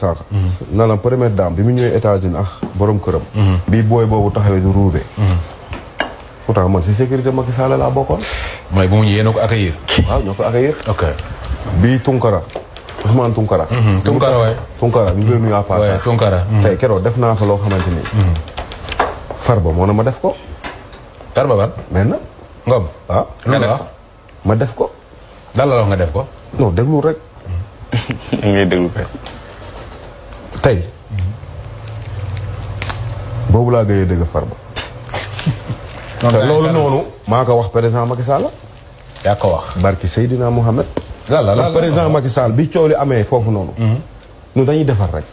sànq na la première dame bi mu ñëwee États-Unis ak boroom këram bi booy boobu taxawee du ruube pourtant man si sécurité Macky Sall laa bokkoon mooy bu mu ñëwee ñoo ko ñoo ko accueillir ok bii Tunkara Ousmane Tunkara mhm, Tunkara waay Tunkara ñu ngi Tunkara mhm. tey keroog def naa fa loo xamante ni mhm. Farba moo na ma def ko Farba ban mel na Ngom ah. waaw ma def ko dal la wax nga def ko non déglu rek ngay déglu kay tey boobu laa gëyee dëgg Farba. loolu noonu. maa ko wax président Macky Sall. yaa ko wax. barki Seydina Mohamed. la président Macky Sall bi coow li amee foofu noonu. Mhm. ñun dañuy defar rek.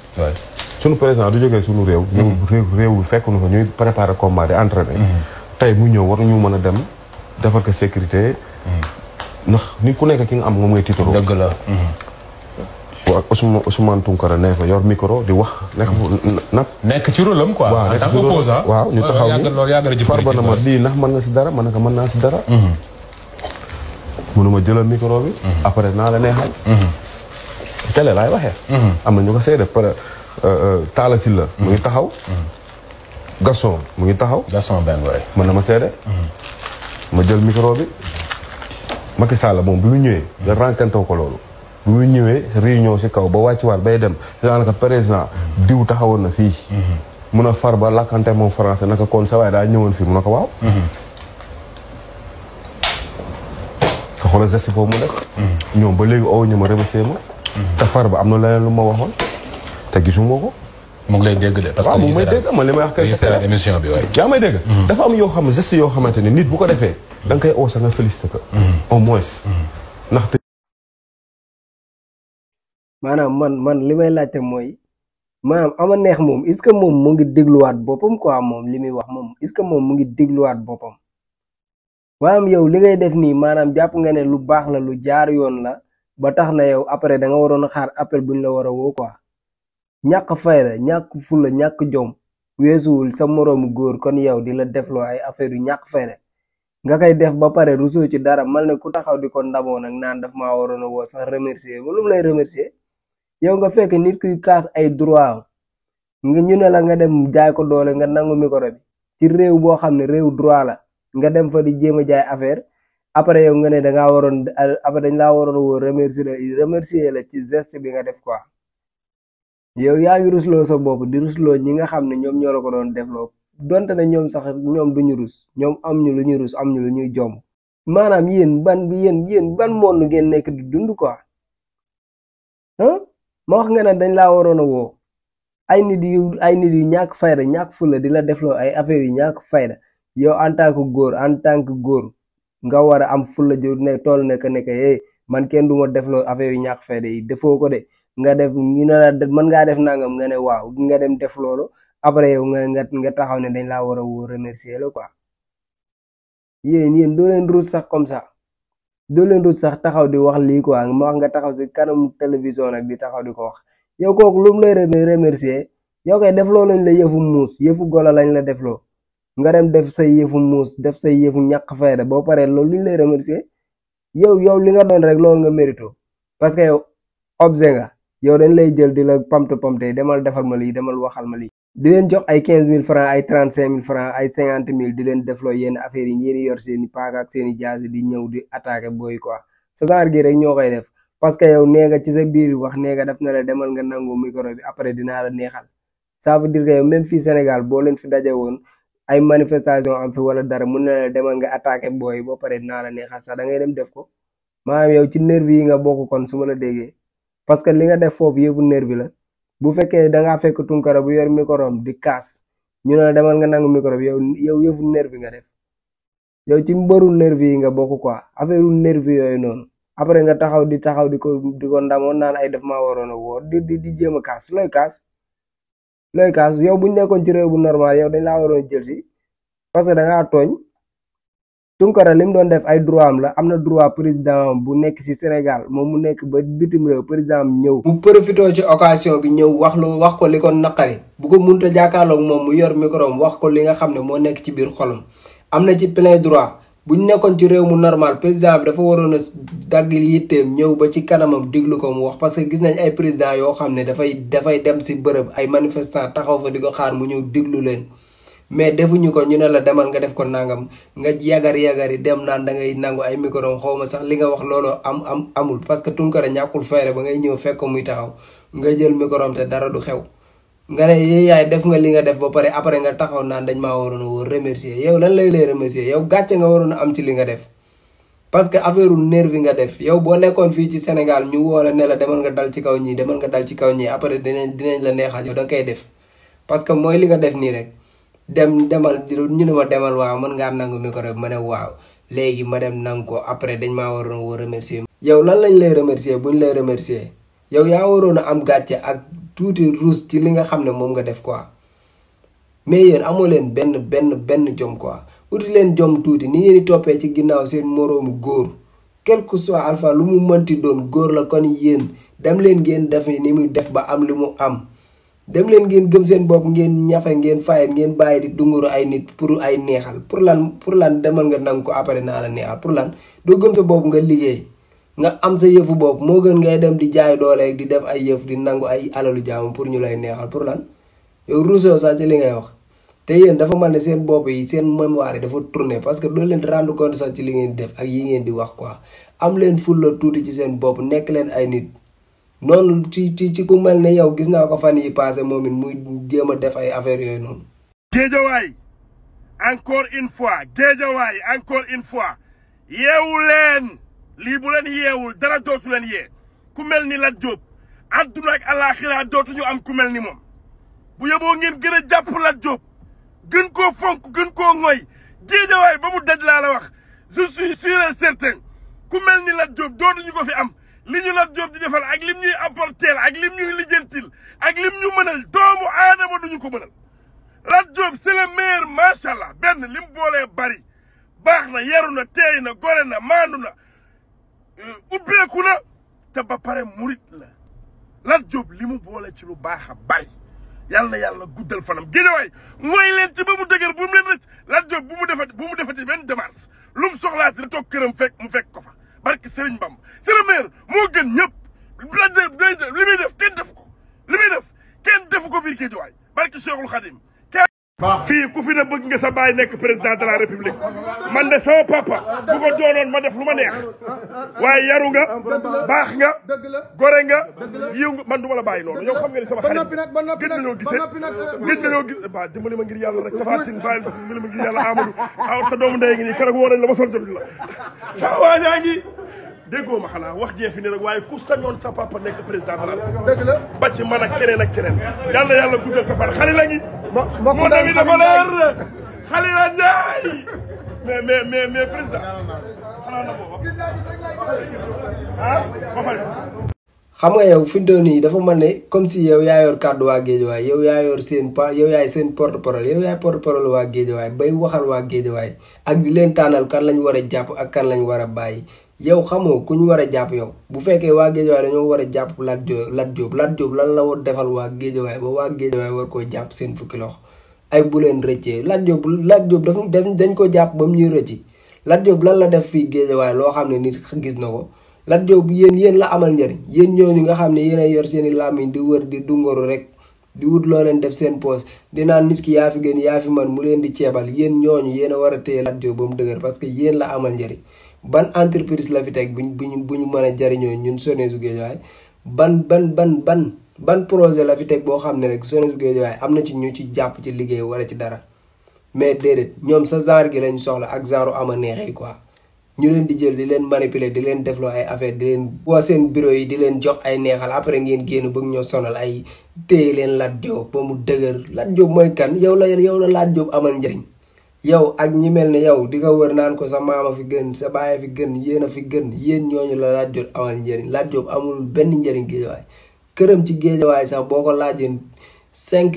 sunu président du jógee sunu réew. Mhm. réew réew fekk nu ko ñuy préparer combat di entraîner. Mhm. tey mu ñëw war ñu mën a dem defar ko sécurité. ndax ni ku nekk ki nga am moom ngay tiitaroo. dëgg ko ak Ousmane Ousmane Tounkara ne fa yor micro di wax. nekk nag nekk ci rôle am quoi. en tant qu'opposant waaw ñu taxaw ni farba na ma lii nax mën na si dara man na ko mën naa si dara. Mhm. ma jëlal micro bi. Mhm. après naa la neexal. Mhm. tele laay waxee. am na ñu ko seede pare euh, euh, Talla la mu ngi taxaw. Gaston mu ngi taxaw. Gaston benn waay. mën na ma seede. ma jël micro bi. Macky Sall moom bu mu ñëwee. nga rencontré ko loolu. bu ñu ñëwee réunion si kaw ba wàcc wàccuwaat bay dem daanaka président diw taxawoon na fii. Mm-hmm. mun a far ba lakkante moom français naka kon sa daa ñëwoon fii mun na ko waaw. Mm-hmm. te xoolal geste foofu mu def. Mm-hmm. ñoom ba léegi oo ñu ma remercier ma. te far ba am na leneen lu ma waxoon te gisuma ko. mu ngi lay dégg de parce que mu ngi may dégg ma li may bi waaye. yaa may dégg. dafa am yoo xam ne yoo xamante ne nit bu ko defee. da nga koy oo sa nga félicité ko. au moins. maanaam man man li may laajte mooy maanaam ama neex moom est-ce que moom mu ngi dégluwaat boppam quoi moom li muy wax moom est-ce que moom mu ngi dégluwaat boppam maanaam yow li ngay def nii maanaam jàpp nga ne lu baax la lu jaar yoon la ba tax na yow après da nga waroon a xaar appel ñu la war a woo quoi ñàkk fayda ñàkk fulla ñàkk jom weesuwul sa moroomu góor kon yow di la defloo ay affaire yu ñàkk fayda nga koy def ba pare rusoo ci dara mal ne ku taxaw di ko ndamoon ak naan daf maa waroon a woo sax remercier ba lay remercier yow nga fekk nit kuy kaas ay droit nga ñu ne la nga dem jaay ko doole nga nangu micro bi ci réew boo xam ne réew droit la nga dem fa di jéem a jaay affaire après yow nga ne da ngaa waroon après dañ laa waroon woo remercier la remercier la ci geste bi nga def ko yow yaa ngi rusloo sax bopp di rusloo ñi nga xam ne ñoom ñoo la ko doon def loo donte ne ñoom sax ñoom du ñu rus ñoom am ñu lu ñuy rus am ñu lu ñuy jomb maanaam yéen ban yéen yéen ban monde ngeen nekk di dund quoi ma wax nga ne dañ laa waroon a woo ay nit yu ay nit yu ñàkk fayda ñàkk fula di la defloo ay affaire yu ñàkk fayda yow en tant que góor en tant que góor nga war am fula ju ne tool nekk nekk hey man kenn du ma defloo affaire yu ñàkk fayda yi defoo ko de nga def ñu ne la mën def nangam nga ne waaw nga dem def loolu après yow nga nga taxaw ne dañ laa war a woo remercier la quoi yéen yéen doo leen ruus comme ça. doo leen rus sax taxaw di wax lii ko ma wax nga taxaw si kanamu télévision nag di taxaw di ko wax yow kooku lu mu lay remercier yow kay defloo lañ la yëfu muus yëfu golo lañ la defloo nga dem def say yëfu muus def say yëfu ñàkk fayda boo paree loolu lu lay remercier yow yow li nga doon rek loolu nga mérito parce que yow nga yow dañ lay jël di la pamte pamte demal defal ma lii demal waxal ma lii di leen jox ay quinze mille francs ay trente cinq mille francs ay cinquante mille di leen defloo yenn affaires yi ngeen yor seen i paaka ak seen i di ñëw di attaqué booy quoi sa genre gi rek ñoo koy def parce que yow nee nga ci sa biir wax nee def na la demal nga nangu micro bi après dinaa la neexal ça veut dire que yow même fii Sénégal boo leen fi daje woon ay manifestation am fi wala dara mun na la demal nga attaqué booy boo pare dinaa la neexal sax da ngay dem def ko maanaam yow ci nervi yi nga bokk kon su ma la déggee. parce que li nga def foofu yëfu nervi la bu fekkee da ngaa fekk tunkara bu yor microom di kaas ñu ne la demal nga nangu micro bi yow yow yëfu nervi nga def yow ci mbëru nervi yi nga bokk quoi affaire nervi yooyu noonu après nga taxaw di taxaw di ko di ko ndamoon naan ay def maa waroon a wóor di di di jéem a kaas looy looy kaas yow bu ñu nekkoon ci réew bu normal yow dañ laa waroon jël si parce que da tooñ. Tunkara li mu doon def ay droit am la am na droit président bu nekk ci Sénégal moom mu nekk ba bitim réew président ñëw. bu profité ci occasion bi ñëw wax lu wax ko li ko bu ko munta jàkkaarloog moom mu yor micro am wax ko li nga xam ne moo nekk ci biir xolam am na ci plein droit. bu ñu nekkoon ci réew mu normal président dafa waroon a dagg yitteem ñëw ba ci kanamam diglu ko mu wax parce que gis nañ ay président yoo xam ne dafay dafay dem si bërëb ay manifestant taxaw fa di ko xaar mu ñëw diglu leen mais defuñu ko ñu ne la demal nga def ko nangam nga yagar yagari dem naan da ngay nangu ay micro xaw ma sax li nga wax looloo am am amul parce que Tunkara ñàkkul fayre ba ngay ñëw fekk muy taxaw nga jël micro dara du xew. nga ne yéen yaay def nga li nga def ba pare après nga taxaw naan dañ maa waroon woo remercier yow lan lay lay remercier yow gàcce nga waroon a am ci li nga def. parce que affaire nervi nga def yow boo nekkoon fii ci Sénégal ñu woo la ne la demal nga dal ci kaw ñii demal nga dal ci kaw ñii après dinañ dinañ la neexal yow da koy def parce que mooy li nga def nii rek. dem demal ñu ne ma demal waaw mën ngaa nangu micro bi ma ne waaw léegi ma dem nangu ko après dañ maa waroon woo remercier. yow lan lañ lay remercier buñ lay remercier yow yaa waroon a am gàcce ak tuuti ruus ci li nga xam ne moom nga def quoi mais yéen amoo leen benn benn benn jom quoi uti leen jom tuuti ni ngeen di toppee ci ginnaaw seen moroomu góor quel que alpha lu mu mënti doon góor la kon yéen dem leen ngeen def ni muy def ba am li mu am. dem leen ngeen gëm seen bopp ngeen ñafe ngeen fay ngeen bàyyi di dunguru ay nit pour ay neexal pour lan pour lan demal nga nangu ko après naa la neexal pour lan doo gëm sa bopp nga liggéey nga am sa yëfu bopp moo gën ngay dem di jaay doole di def ay yëf di nangu ay alalu jaamu pour ñu lay neexal pour lan yow rousseau sax ci li ngay wax te yéen dafa mel ne seen bopp yi seen mémoire yi dafa tourné parce que doo leen rendre compte sax ci li ngeen di def ak yi ngeen di wax quoi am leen fulla tuuti ci seen bopp nekk leen ay nit noonu ci ci ci ku mel ne yow gis naa ko fan yi passé moom it muy jéem a def ay affaire yooyu noonu. géejawaay encore une fois géejawaay encore une fois yeewu leen bu leen yeewul dara dootu leen yee ku mel ni Lat Diop adduna ak alaxira dootuñu am ku mel ni moom bu yeboo ngeen gën a jàpp Lat Diop gën koo fonk gën koo ŋoy géejawaay ba mu daj laa wax su suis sûr ku mel ni Lat Diop dootuñu ko fi am. li ñu Lat Diop di defal ak lim ñuy apporteel ak lim ñuy lijjantil ak lim ñu mënal doomu aadama duñu ko mënal Lat Diop c'est le meilleur macha allah li mu boolee bari baax na yaru na teey na gore na maandu na euh, ubbeeku na te ba pare murit la Lat Diop li mu boole ci lu baax a bari yàlla na yàlla guddal fanam géejawaay mooy leen ci ba mu dëgër bu mu leen rëcc Lat Diop bu mu defati bu mu defati benn démarche lu mu soxlaati la toog këram mu fekk ko fa barke Serigne Bamba c'est le maire moo gën ñëpp li muy def kenn def ko li muy def kenn defu ko biir Guédiawaye barke Cheikhul Khadim fii ku fi ne bëgg nga sa nekk président de la république man de sama papa bu ko doonoon ma def lu ma neex waaye yaru nga baax nga gore nga yiw nga man la bàyyi noonu yow xam nga ni sama xarit gëj nañoo gisee euh, ma ngir yàlla rek tafaatin bàyyi dimbali ma ngir yàlla Amadou aw ah, sa doomu ndey ngi nii keroog woo nañ la ma sol la sa waajaa déggoo ma xanaa wax jee fi ne rek waaye ku sañoon sa papa nekk président de la dëgg la ba ci man ak keneen ak keneen yàlla yàlla guddal sa fan xale la ngi moo tamit dafa leer xale la njaay mais mais mais mais président xanaa na booba ah ba pare xam nga yow fi mu toll nii dafa mel ne comme si yow yaa yor kàddu waa géejawaay yow yaa yor seen pa yow yaay seen porte parole yow yaay porte parole waa géejawaay bay waxal waa géejawaay ak di leen tànnal kan lañ war a jàpp ak kan lañ war a bàyyi yow xamoo ku ñu war a jàpp yow bu fekkee waa géejawaay dañoo war a jàpp Lat Diop Lat Diop Lat Diop la war defal waa géejawaay ba waa géejawaay war koo jàpp seen fukki ay bu leen rëccee Lat Diop Lat Diop daf dañ ko jàpp ba mu ñuy rëcci Lat Diop lan la def fii géejawaay loo xam ne nit gis na ko Lat Diop yéen yéen la amal njëriñ yéen ñooñu nga xam ne yéen a yor seen i làmmiñ di wër di dungaru rek di wut loo leen def seen poos dinaa nit ki yaa fi gën yaa fi man mu leen di ceebal yéen ñooñu yéen a war a téye Lat Diop ba mu dëgër parce que yéen la amal njëriñ ban entreprise la fi teg bu ñu bu ñu mën a jariñoo ñun Sonès Guédiawaye ban ban ban ban ban projet la fi boo xam ne rek Sonès Guédiawaye am na ci ñu ci jàpp ci liggéey wala ci dara mais déedéet ñoom sa genre gi lañ soxla ak genre ama neex yi quoi ñu di jël di leen manipuler di leen defloo ay affaire di leen boo seen bureau yi di leen jox ay neexal après ngeen génn bëgg ñoo sonal ay téye leen Lat Diop ba mu dëgër Lat Diop mooy kan yow la yow la Lat Diop amal njëriñ yow ak ñi mel ne yow di ko wër naan ko sa a fi gën sa baay fi gën yéen a fi gën yéen ñooñu la laaj Diop amal njëriñ Lat Diop amul benn njëriñ géejawaay këram ci géejawaay sax boo ko laajoon cinq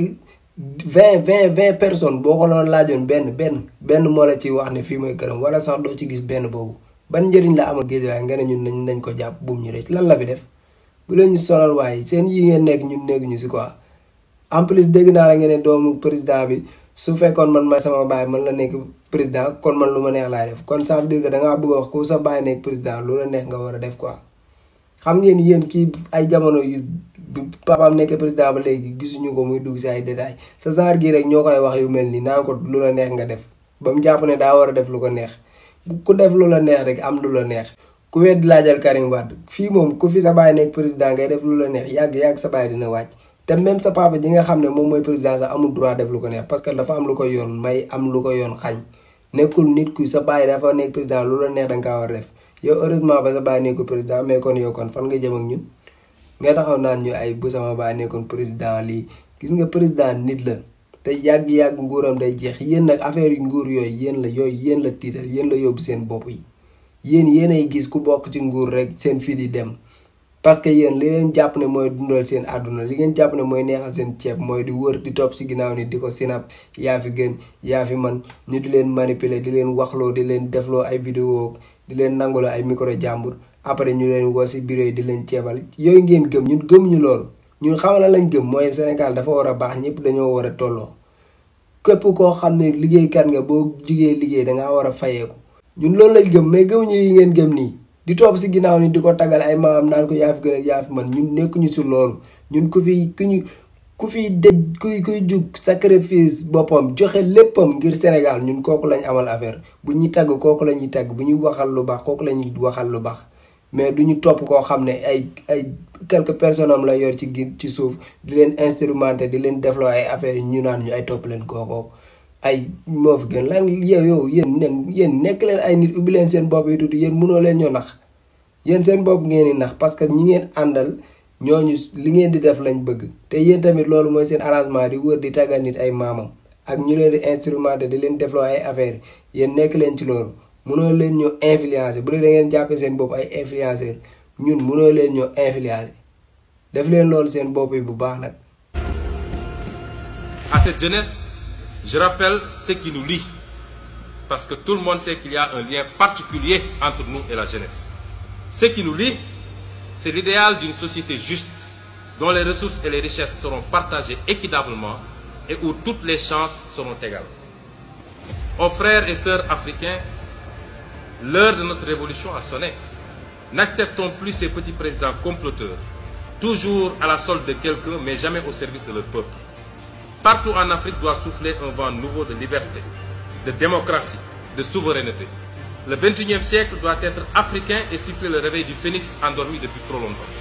vingt vingt vingt personnes boo ko laajoon benn benn benn moo la ci wax ne fii mooy këram wala sax doo ci gis benn boobu ban njëriñ la amul géejawaay nga ne ñun nañ nañ ko jàpp buum ñu rek lan la fi def bu leen ñu waaye seen yi ngeen nekk ñun nekk ñu si quoi en plus dégg naa la ngeen doomu président bi. su fekkoon man ma sama baay man la nekk président kon man lu ma neex laay def kon ça veut dangaa bëgg a wax ku sa baay nekk président lu la neex nga war a def quoi. xam ngeen yéen kii ay jamono yu bu papaam nekk président ba léegi gisuñu ko muy dugg si ay détails sa genre gii rek ñoo koy wax yu mel nii naa ko lu la neex nga def ba mu jàpp ne daa war a def lu ko neex ku def lu la neex rek am lu la neex. ku wedd laajal Karim Wade fii moom ku fi sa baay nekk président ngay def lu la neex yàgg yàgg sa baay dina wàcc. te même sa papa ji nga xam ne moom mooy président sax amul droit def lu ko neex parce que dafa am lu ko yoon may am lu ko yoon xañ nekkul nit ku sa bàyyi dafa nekk président lu la neex da nga kaa war def yow heureusement ba sa bàyyi nekkul président mais kon yow kon fan nga jëm ak ñun nga taxaw ñu ay bu sama nekkoon président lii gis nga président nit la te yàgg-yàgg nguuram day jeex yéen nag affaire yu nguur yooyu yéen la yooyu yéen la tiital yéen la yóbbu seen bopp yi yéen yéenay gis ku bokk ci nguur rek seen fii di dem parce que yeen li leen japp ne moy dundal seen aduna li ngeen japp ne moy neexal seen ceeb moy di wër di top ci ginaaw ni diko sinap ya fi gën ya fi man ñu di leen manipuler di leen waxloo di leen defloo ay vidéo di leen nangolo ay micro jambour après ñu leen wo ci bureau di leen ceebal yoy ngeen gëm ñun gëmuñu loolu ñun xam na lañ gëm moy Sénégal dafa wara bax ñepp dañoo wara tolo tolloo képp koo xam ne liggéeykat nga bo jigé liggéey da nga wara fayeeku ñun lool lañ gëm mais gëm ñu yi ngeen gëm ni di toog si ginnaaw ni di ko tagal ay maam naan ko yaa fi gën ak yaa fi man ñu nekkuñu si loolu ñun ku fi ku ñu ku fi dëj kuy kuy jug sacrifice boppam joxe léppam ngir Sénégal ñun kooku lañ amal affaire bu ñuy tagg kooku la ñuy tagg bu ñuy waxal lu baax kooku la ñuy waxal lu baax mais du ñu topp koo xam ne ay ay quelque personnes am la yor ci ci suuf di leen instrumenté di leen defloo ay affaires ñu naan ñu ay topp leen kookoo ay moo fi gën lan yow yéen nen yéen nekk leen ay nit ubbi leen seen bopp yi tuuti yéen mënoo leen ñoo nax yéen seen bopp ngeen di nax parce que ñi ngeen àndal ñooñu li ngeen di def lañ bëgg te yéen tamit loolu mooy seen arrangement di wër di tàggal nit ay maamam ak ñu leen di instrumenté di leen defloo ay affaires yéen nekk leen ci loolu mënoo leen ñoo influencé bu dee da ngeen jàppee seen bopp ay influenceur ñun mënoo leen ñoo influencé def leen loolu seen bopp yi bu baax nag. Je rappelle ce qui nous lie, parce que tout le monde sait qu'il y a un lien particulier entre nous et la jeunesse. Ce qui nous lie, c'est l'idéal d'une société juste, dont les ressources et les richesses seront partagées équitablement et où toutes les chances seront égales. Aux frères et sœurs africains, l'heure de notre révolution a sonné. N'acceptons plus ces petits présidents comploteurs, toujours à la solde de quelqu'un, mais jamais au service de leur peuple partout en Afrique doit souffler un vent nouveau de liberté, de démocratie, de souveraineté. Le 21e siècle doit être africain et siffler le réveil du phénix endormi depuis trop longtemps.